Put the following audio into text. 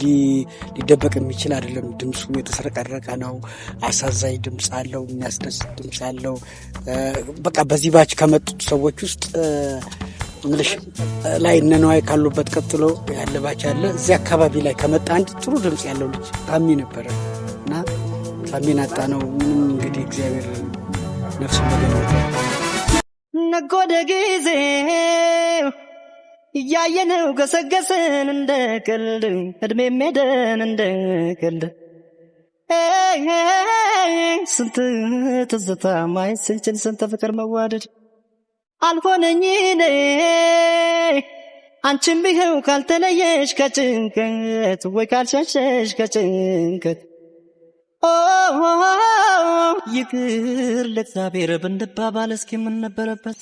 ሊደበቅ የሚችል አይደለም። ድምፁ የተስረቀረቀ ነው። አሳዛኝ ድምፅ አለው፣ የሚያስደስት ድምፅ አለው። በቃ በዚህ ባች ከመጡት ሰዎች ውስጥ ምልሽ ላይ እነ ነዋይ ካሉበት ቀጥሎ ያለ ባች አለ። እዚህ አካባቢ ላይ ከመጣ አንድ ጥሩ ድምፅ ያለው ልጅ ታሚ ነበረ እና ታሚን አጣ ነው። ምንም እንግዲህ እግዚአብሔር ነፍሱን በገነት ነጎደ ጊዜ እያየነው ገሰገስን እንደ ቀልድ እድሜ ሜደን እንደ ቀልድ ስንት ትዝታ ማየት ስንችል ስንት ፍቅር መዋደድ አልሆነኝ ነ አንቺም ቢኸው ካልተለየሽ ከጭንቀት ወይ ካልሸሸሽ ከጭንቀት ይቅር ለእግዚአብሔር ብንባባል እስኪ የምንነበረበት